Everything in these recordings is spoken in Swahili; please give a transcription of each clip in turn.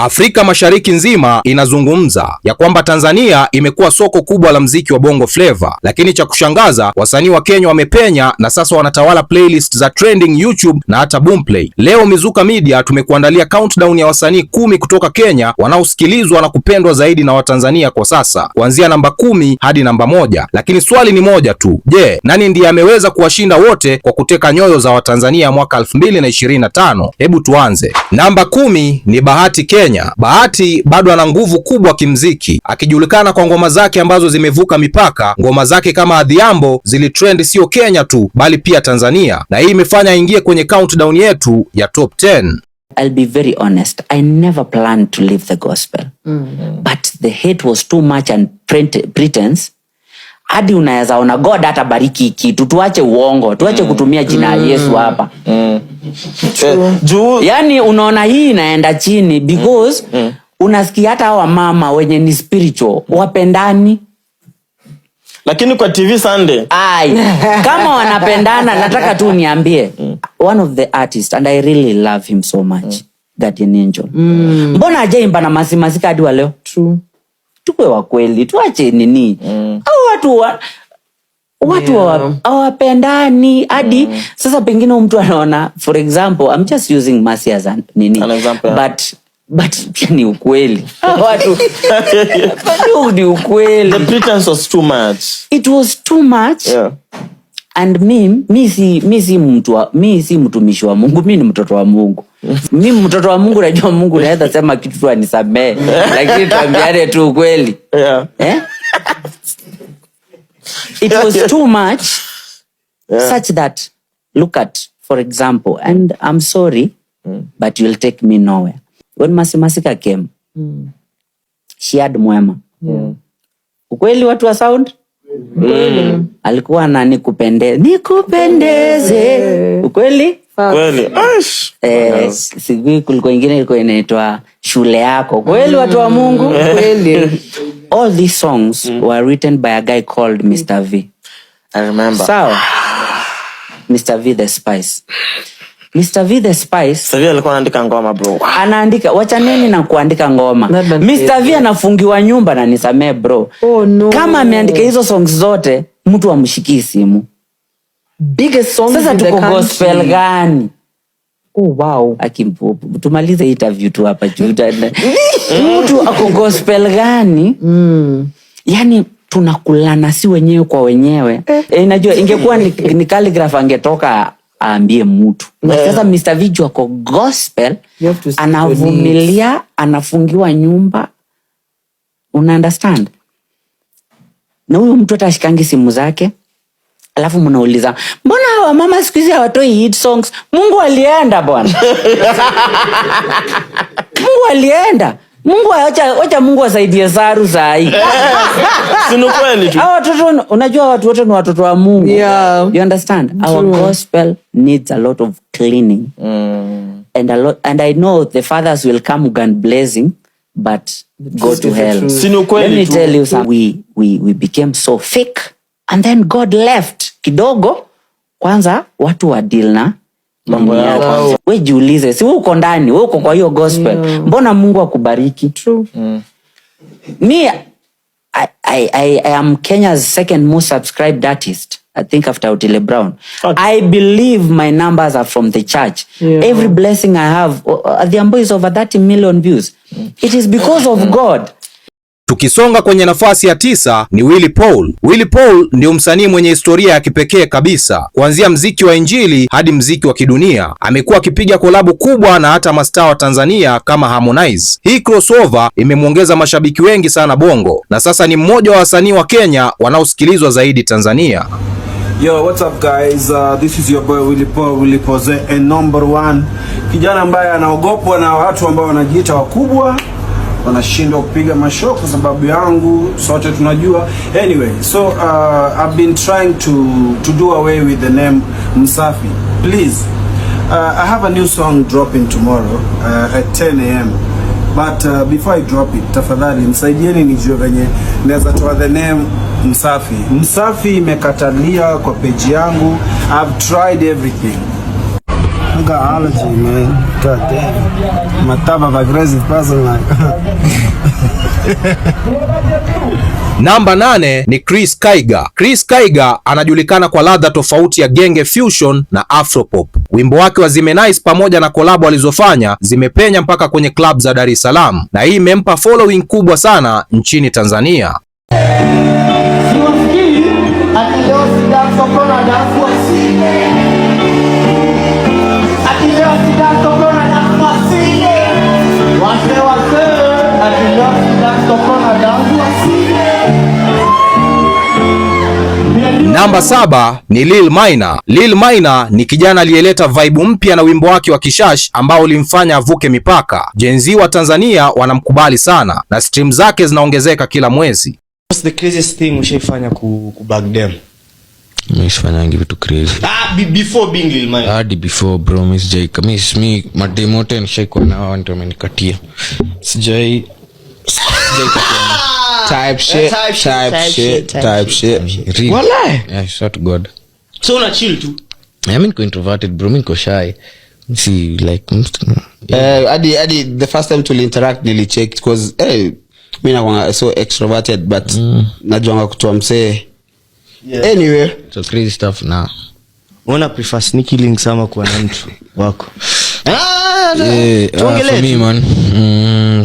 Afrika Mashariki nzima inazungumza ya kwamba Tanzania imekuwa soko kubwa la mziki wa Bongo Flava, lakini cha kushangaza wasanii wa Kenya wamepenya na sasa wanatawala playlist za trending YouTube na hata Boomplay. Leo Mizuka Media tumekuandalia countdown ya wasanii kumi kutoka Kenya wanaosikilizwa na kupendwa zaidi na Watanzania kwa sasa, kuanzia namba kumi hadi namba moja. Lakini swali ni moja tu, je, nani ndiye ameweza kuwashinda wote kwa kuteka nyoyo za Watanzania mwaka 2025? Hebu tuanze. Namba kumi ni Bahati Kenya. Kenya, Bahati bado ana nguvu kubwa kimziki, akijulikana kwa ngoma zake ambazo zimevuka mipaka. Ngoma zake kama Adhiambo zilitrend sio Kenya tu, bali pia Tanzania, na hii imefanya aingie kwenye countdown yetu ya top 10. I'll be very honest. I never planned to leave the gospel. Mm. But the hate was too much and pretense hadi unaweza ona God hata bariki kitu. Tuache uongo, tuache mm. kutumia jina mm. Yesu hapa mm. Eh, juu yani, unaona hii inaenda chini because mm. Mm. unasikia hata hawa mama wenye ni spiritual wapendani lakini kwa TV Sunday ai kama wanapendana nataka tu niambie mm. one of the artist and I really love him so much mm. that in Angel mm. mbona ajaimba na masimazika hadi wa leo true tupe wakweli tuache nini mm. au watu wa watu yeah. hawapendani hadi mm. Sasa pengine mtu anaona, for example I'm just using masi as an nini an example, but but pia ni ukweli watu ni ukweli, the pretense was too much, it was too much yeah and mi mi si mi si mtu mi si mtumishi wa Mungu, mi ni mtoto wa Mungu. Mi mtoto wa Mungu, najua Mungu naweza sema kitu tu anisamee, lakini tuambiane tu kweli yeah. Eh? It was too much yeah. such that look at for example and I'm sorry mm. but you'll take me nowhere when Mercy Masika came mm. she had Mwema yeah. ukweli watu wa sound Mm. Alikuwa na nikupendeze nikupendeze, ukweli sigui Eh, kuliko ingine ilikuwa inaitwa shule yako kweli, watu wa Mungu mm. kweli. All these songs mm. were written by a guy called Mr V. I remember. So, Mr V the Spice Mr. V the Spice. Sasa hivi alikuwa anaandika ngoma bro. Anaandika, wacha nini na kuandika ngoma. Mr. V anafungiwa nyumba na nisamee bro. Oh, no. Kama ameandika hizo songs zote, mtu amshikii simu. Biggest song Sasa tuko gospel gani? Oh, wow. Akimpopo. Tumalize interview tu hapa juu. Mtu ako gospel gani? Mm. Yaani tunakulana si wenyewe kwa wenyewe. Eh, eh najua ingekuwa ni, ni calligraph angetoka aambie mtu yeah. Sasa Mr. Viju ako gospel, anavumilia, anafungiwa nyumba, una understand? Na huyu mtu atashikangi simu zake, alafu mnauliza mbona hawa mama siku hizi hawatoi hit songs? Mungu alienda bwana Mungu alienda Mungu acha acha Mungu asaidie Zaru zai. ni kweli tu. Hao watoto unajua watu wote ni watoto wa Mungu. Yeah. You understand? True. Our gospel needs a lot of cleaning. Mm. And a lot and I know the fathers will come gun blazing but go to hell. Si ni kweli tu. Let me tell you something. We we we became so fake and then God left kidogo kwanza watu wa deal na mambo yao. we jiulize, si uko ndani, we uko kwa hiyo gospel yeah. Mbona Mungu akubariki? mi Mm. I, I, I, am Kenya's second most subscribed artist. I think after Otile Brown. Okay. I believe my numbers are from the church. Yeah. Every blessing I have, uh, the ambo is over 30 million views. Mm. It is because of God. Tukisonga kwenye nafasi ya tisa ni Willy Paul. Willy Paul ndio msanii mwenye historia ya kipekee kabisa, kuanzia mziki wa injili hadi mziki wa kidunia. Amekuwa akipiga kolabu kubwa na hata mastaa wa Tanzania kama Harmonize. Hii crossover imemwongeza mashabiki wengi sana Bongo, na sasa ni mmoja wa wasanii wa Kenya wanaosikilizwa zaidi Tanzania. Yo, what's up guys? Uh, this is your boy Willy Paul, Willy Pose, and eh, number one. Kijana ambaye anaogopwa na watu ambao wanajiita wakubwa wanashindwa kupiga masho kwa sababu yangu, sote tunajua. Anyway, so uh, I've been trying to to do away with the name Msafi. Please uh, I have a new song dropping tomorrow uh, at 10 a.m. But uh, before I drop it, tafadhali msaidieni nijue venye naweza toa the name Msafi. Msafi imekatalia kwa peji yangu. I've tried everything got allergy, man. God damn. I'm a type of aggressive person like Namba nane ni Chris Kaiga. Chris Kaiga anajulikana kwa ladha tofauti ya genge fusion na afropop. Wimbo wake wa Zimenice pamoja na kolabo alizofanya zimepenya mpaka kwenye club za Dar es Salaam, na hii imempa following kubwa sana nchini Tanzania. Namba saba ni Lil Maina. Lil Maina ni kijana aliyeleta vibe mpya na wimbo wake wa Kishash ambao ulimfanya avuke mipaka. Gen Z wa Tanzania wanamkubali sana na stream zake zinaongezeka kila mwezi. What's the craziest thing ushaifanya ku, ku bag them? ngi vitu crazy. Ah, before being Lil Maina. Hadi before bro, Miss sijai. Mimi mademo yote nishaikuwa wao ndio amenikatia. Sijai Ah! type shit type mm. kutoa msee yeah. anyway so kuwa na mtu wako ah, yeah, uh, for me man mm.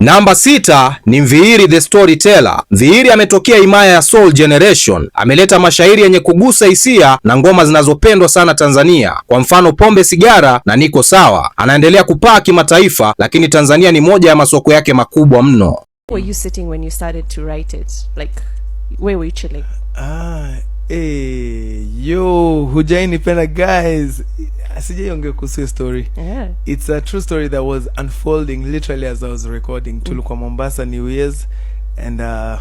Namba sita ni mviiri the Storyteller. mviiri ametokea himaya ya Soul Generation, ameleta mashairi yenye kugusa hisia na ngoma zinazopendwa sana Tanzania, kwa mfano Pombe Sigara na Niko Sawa. Anaendelea kupaa kimataifa, lakini Tanzania ni moja ya masoko yake makubwa mno. Hujainipenda guys sijaiongea kuhusu story yeah. it's a true story that was unfolding literally as i was recording mm. tulikuwa mombasa new years and uh,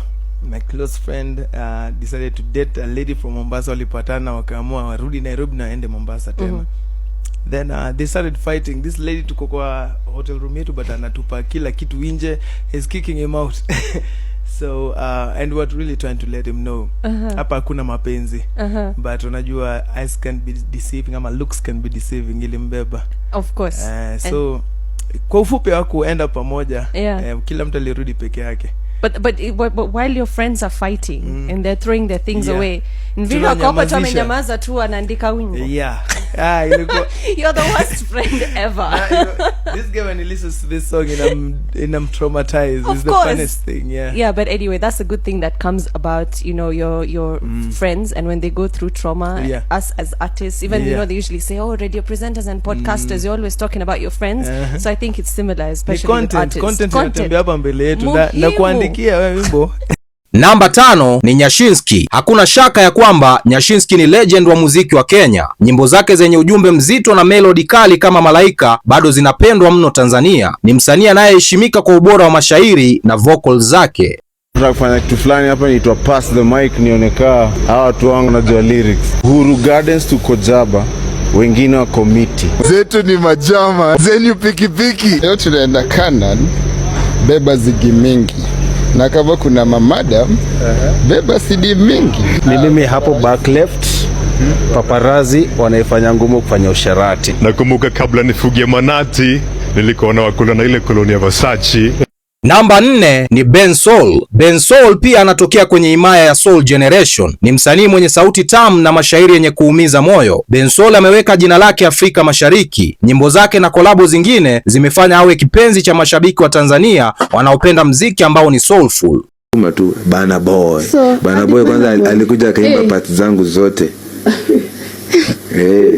my close friend uh, decided to date a lady from mombasa walipatana wakaamua warudi nairobi na waende mombasa tena mm then uh, they started fighting this lady tuko kwa hotel room yetu but anatupa kila kitu inje is kicking him out so uh, and what really trying to let him know uh-huh. hapa uh hakuna -huh. mapenzi uh -huh. but unajua eyes can be deceiving ama looks can be deceiving ili mbeba of course uh, so and... kwa ufupi hawakuenda pamoja yeah. uh, kila mtu alirudi peke yake but but, but but while your friends are fighting mm. and they're throwing their things yeah. away nvilo kopa tu amenyamaza tu anaandika wingo yeah ah, ilikuwa you're the worst friend ever nah, this guy when he listens to this song and I'm and I'm traumatized of it's course. the funniest thing yeah yeah but anyway that's a good thing that comes about you know your your mm. friends and when they go through trauma yeah. us as artists even yeah. you know they usually say oh radio presenters and podcasters mm. you're always talking about your friends uh-huh. so I think it's similar especially Ni content, with artists content content Namba tano ni Nyashinski. Hakuna shaka ya kwamba Nyashinski ni legend wa muziki wa Kenya. Nyimbo zake zenye ujumbe mzito na melodi kali kama Malaika bado zinapendwa mno Tanzania. Ni msanii anayeheshimika kwa ubora wa mashairi na vocal zake. Tunataka kufanya kitu fulani hapa, niitwa pass the mic, nionekaa hawa watu wangu najua lyrics. Huru Gardens tuko Jaba wengine wa komiti zetu ni majama zenyu pikipiki. Leo tunaenda Canaan, beba zigi mingi na kama kuna mamadam beba CD mingi. Ni mimi hapo back left paparazi wanaifanya ngumu kufanya usherati. Nakumbuka kabla nifugie manati nilikuwa na wakula na ile koloni ya Versace. Namba nne ni Ben Soul. Ben Soul pia anatokea kwenye himaya ya Soul Generation, ni msanii mwenye sauti tamu na mashairi yenye kuumiza moyo. Ben Soul ameweka jina lake Afrika Mashariki. Nyimbo zake na kolabo zingine zimefanya awe kipenzi cha mashabiki wa Tanzania wanaopenda mziki ambao ni soulful. Tuma tu Bana Boy. So, Bana Boy kwanza alikuja akaimba hey, pati zangu zote hey.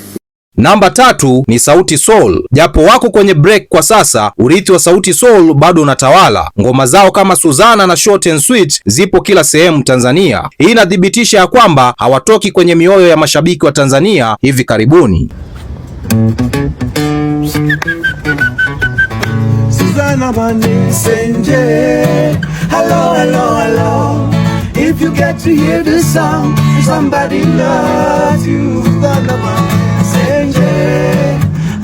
Namba tatu ni Sauti Sol. Japo wako kwenye break kwa sasa, urithi wa Sauti Sol bado unatawala. Ngoma zao kama Suzana na Short and Sweet zipo kila sehemu Tanzania. Hii inathibitisha ya kwamba hawatoki kwenye mioyo ya mashabiki wa Tanzania hivi karibuni. Suzana if you get to hear this song, somebody loves you. Change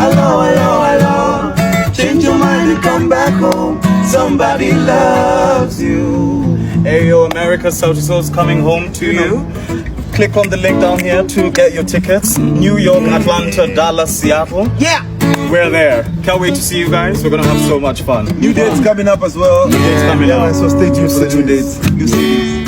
hello, hello, hello. Change your mind and come back home. Somebody loves you. Hey, yo, America, South Soul's coming home to you. you click on the link down here to get your tickets. New York, Atlanta, Dallas, Seattle. Yeah! We're there. Can't wait to see you guys. We're gonna have so much fun. New dates coming up as well. New dates coming yeah, up. So stay tuned for the new dates. New dates.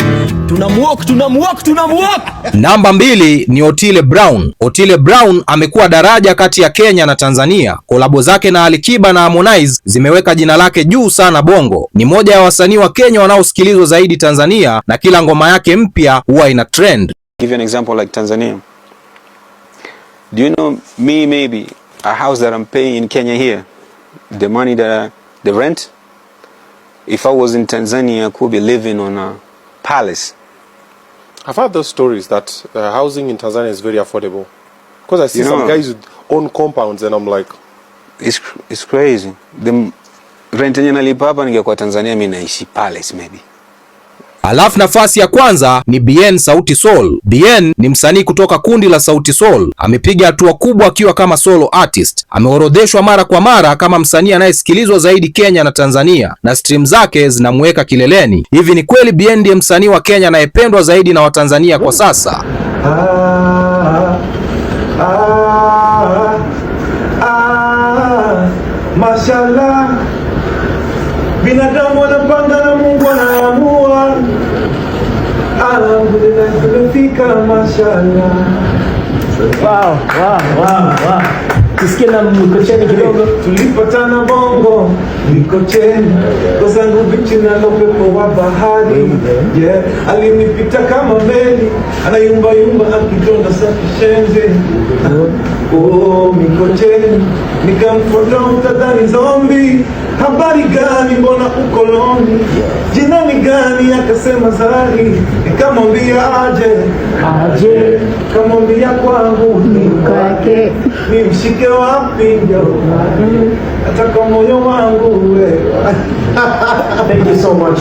tunamwok tunamwok tunamwok. Namba mbili ni Otile Brown. Otile Brown amekuwa daraja kati ya Kenya na Tanzania. Kolabo zake na Alikiba na Harmonize zimeweka jina lake juu sana Bongo. Ni moja ya wasanii wa Kenya wanaosikilizwa zaidi Tanzania, na kila ngoma yake mpya huwa ina trend. Give you an example like Tanzania. Do you know me maybe a house that I'm paying in Kenya here the money that I, the rent if I was in Tanzania I could be living on a palace I've heard those stories that uh, housing in Tanzania is very affordable. Because I see you some know, guys with own compounds and I'm like it's, it's crazy. The rent in nalipa hapa Tanzania palace maybe. Alafu nafasi ya kwanza ni Bien Sauti Sol. Bien ni msanii kutoka kundi la Sauti Sol, amepiga hatua kubwa akiwa kama solo artist. Ameorodheshwa mara kwa mara kama msanii anayesikilizwa zaidi Kenya na Tanzania, na stream zake zinamweka kileleni. Hivi ni kweli Bien ndiye msanii wa Kenya anayependwa zaidi na Watanzania kwa sasa? Ah, ah, ah, mashallah binadamu Wow, wow, na mkocheni kidogo. Tulipatana Bongo, mikocheni kwa zangu bichi na wa bahari, yeah. Alinipita kama meli anayumbayumba akitonga safi shenze, oh, mikocheni nikamfuata mtadhani zombi Habari gani, mbona ukoloni? Jina ni gani? Akasema Zari, nikamwambia aje aje, kamwambia kwangu ni kwake, ni mshike wapi njomani, ataka moyo wangu wewe. Thank you so much.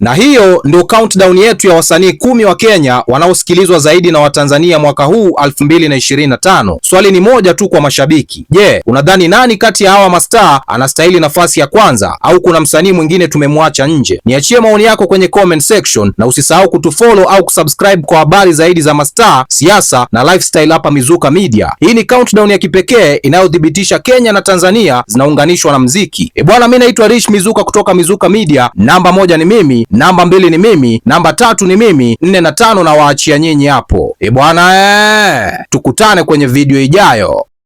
Na hiyo ndio countdown yetu ya wasanii kumi wa Kenya wanaosikilizwa zaidi na Watanzania mwaka huu 2025. Swali ni moja tu kwa mashabiki. Je, yeah, unadhani nani kati ya hawa mastaa anastahili nafasi ya kwanza au kuna msanii mwingine tumemwacha nje? Niachie maoni yako kwenye comment section na usisahau kutufollow au kusubscribe kwa habari zaidi za mastaa, siasa na lifestyle hapa Mizuka Media. Hii ni countdown ya kipekee inayothibitisha Kenya na Tanzania zinaunganishwa na mziki. E bwana, mimi naitwa Rich Mizuka kutoka Mizuka Media. Namba moja ni mimi namba mbili ni mimi, namba tatu ni mimi, nne na tano na waachia nyinyi hapo. E bwana, ee, tukutane kwenye video ijayo.